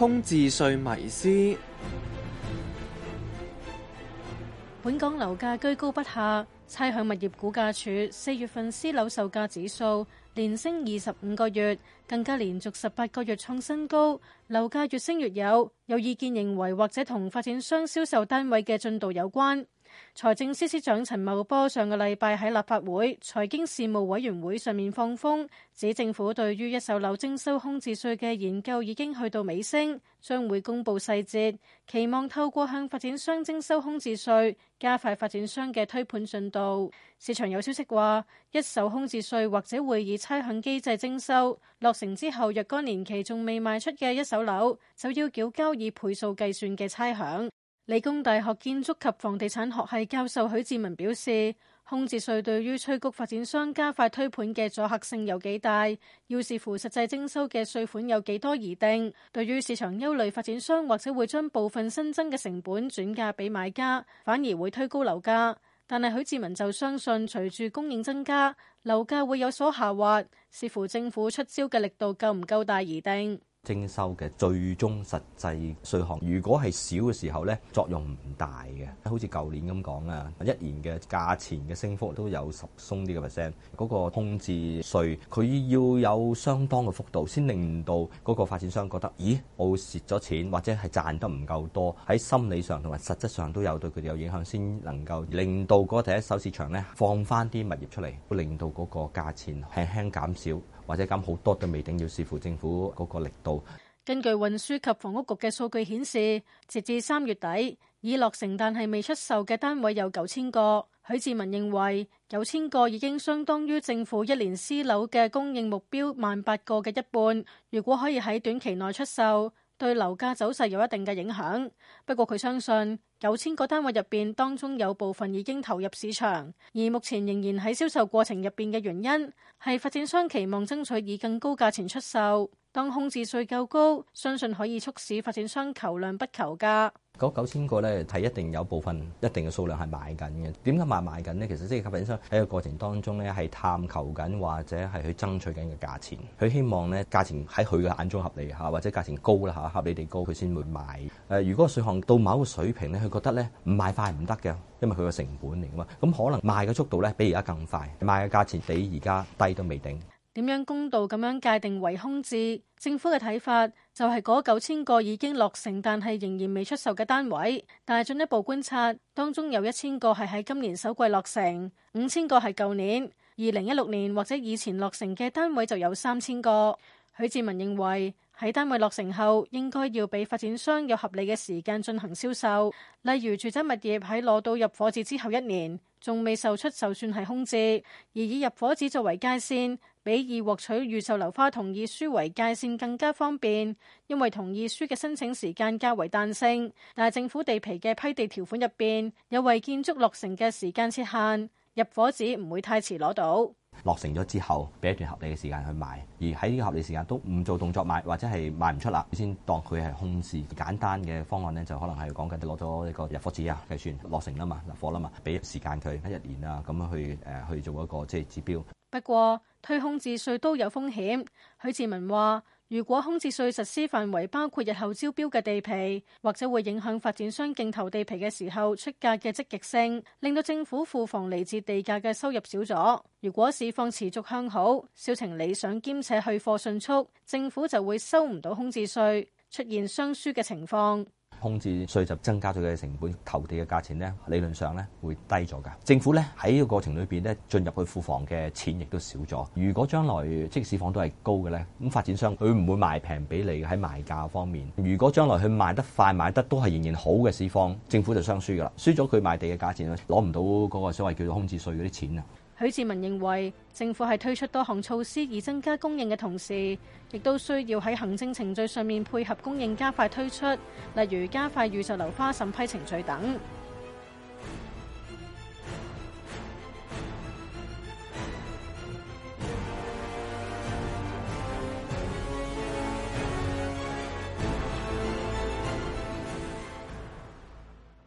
空置稅迷思。本港樓價居高不下，差餉物業估價署四月份私樓售價指數連升二十五個月，更加連續十八個月創新高。樓價越升越有，有意見認為或者同發展商銷售單位嘅進度有關。財政司司長陳茂波上個禮拜喺立法會財經事務委員會上面放風，指政府對於一手樓徵收空置稅嘅研究已經去到尾聲，將會公布細節，期望透過向發展商徵收空置稅，加快發展商嘅推盤進度。市場有消息話，一手空置稅或者會以差餉機制徵收，落成之後若干年期仲未賣出嘅一手樓，就要繳交以倍數計算嘅差餉。理工大學建築及房地產學系教授許智文表示，空置稅對於催谷發展商加快推盤嘅阻嚇性有幾大，要視乎實際徵收嘅稅款有幾多而定。對於市場憂慮，發展商或者會將部分新增嘅成本轉嫁俾買家，反而會推高樓價。但係許智文就相信，隨住供應增加，樓價會有所下滑，視乎政府出招嘅力度夠唔夠大而定。徵收嘅最終實際稅項，如果係少嘅時候呢，作用唔大嘅。好似舊年咁講啊，一年嘅價錢嘅升幅都有十鬆啲嘅 percent。嗰個空置稅，佢要有相當嘅幅度，先令到嗰個發展商覺得，咦，我蝕咗錢，或者係賺得唔夠多，喺心理上同埋實質上都有對佢哋有影響，先能夠令到嗰個第一手市場呢，放翻啲物業出嚟，會令到嗰個價錢輕輕減少。或者減好多都未定，要視乎政府嗰個力度。根據運輸及房屋局嘅數據顯示，截至三月底，已落成但係未出售嘅單位有九千個。許智文認為，九千個已經相當於政府一年私樓嘅供應目標萬八個嘅一半。如果可以喺短期內出售，對樓價走勢有一定嘅影響。不過佢相信，九千個單位入邊，當中有部分已經投入市場，而目前仍然喺銷售過程入邊嘅原因，係發展商期望爭取以更高價錢出售。當空置稅夠高，相信可以促使發展商求量不求價。九千個咧，係一定有部分一定嘅數量係賣緊嘅。點解賣賣緊咧？其實即係購品商喺個過程當中咧，係探求緊或者係去爭取緊嘅價錢。佢希望咧，價錢喺佢嘅眼中合理嚇，或者價錢高啦嚇，合理地高佢先會賣。誒、呃，如果個數量到某一個水平咧，佢覺得咧唔賣快唔得嘅，因為佢個成本嚟嘅嘛。咁可能賣嘅速度咧比而家更快，賣嘅價錢比而家低都未定。點樣公道咁樣界定為空置？政府嘅睇法就係嗰九千個已經落成但係仍然未出售嘅單位。但係進一步觀察，當中有一千個係喺今年首季落成，五千個係舊年，二零一六年或者以前落成嘅單位就有三千個。許智文認為喺單位落成後，應該要俾發展商有合理嘅時間進行銷售，例如住宅物業喺攞到入伙紙之後一年。仲未售出就算係空置，而以入伙紙作為界線，比以獲取預售樓花同意書為界線更加方便，因為同意書嘅申請時間較為彈性。但係政府地皮嘅批地條款入邊有為建築落成嘅時間設限，入伙紙唔會太遲攞到。落成咗之後，俾一段合理嘅時間去賣，而喺呢啲合理時間都唔做動作賣，或者係賣唔出啦，先當佢係控制簡單嘅方案咧，就可能係講緊啲攞咗呢個入貨紙啊計算落成啦嘛，入貨啦嘛，俾時間佢喺一年啊咁樣去誒、呃、去做一個即係指標。不過，退空置稅都有風險。許智文話。如果空置稅實施範圍包括日後招標嘅地皮，或者會影響發展商競投地皮嘅時候出價嘅積極性，令到政府庫房嚟自地價嘅收入少咗。如果市況持續向好，銷情理想兼且去貨迅速，政府就會收唔到空置稅，出現雙輸嘅情況。空置稅就增加咗佢嘅成本，投地嘅價錢呢，理論上呢，會低咗噶。政府呢，喺個過程裏邊呢，進入去庫房嘅錢亦都少咗。如果將來即係市況都係高嘅呢，咁發展商佢唔會賣平俾你喺賣價方面。如果將來佢賣得快、賣得都係仍然好嘅市況，政府就雙輸噶啦，輸咗佢賣地嘅價錢，攞唔到嗰個所謂叫做空置稅嗰啲錢啊。許智文認為，政府係推出多項措施而增加供應嘅同時，亦都需要喺行政程序上面配合供應，加快推出，例如加快預售樓花審批程序等。